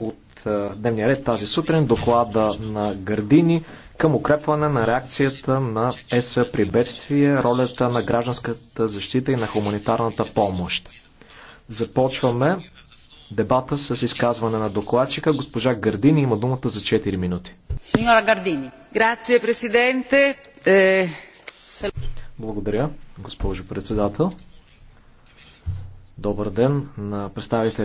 от е, дневния ред тази сутрин доклада на Гърдини към укрепване на реакцията на ЕС при бедствие, ролята на гражданската защита и на хуманитарната помощ. Започваме дебата с изказване на докладчика. Госпожа Гърдини има думата за 4 минути. Сеньора Гърдини. Грация, президенте. Е, Благодаря, госпожо председател. Добър ден на представители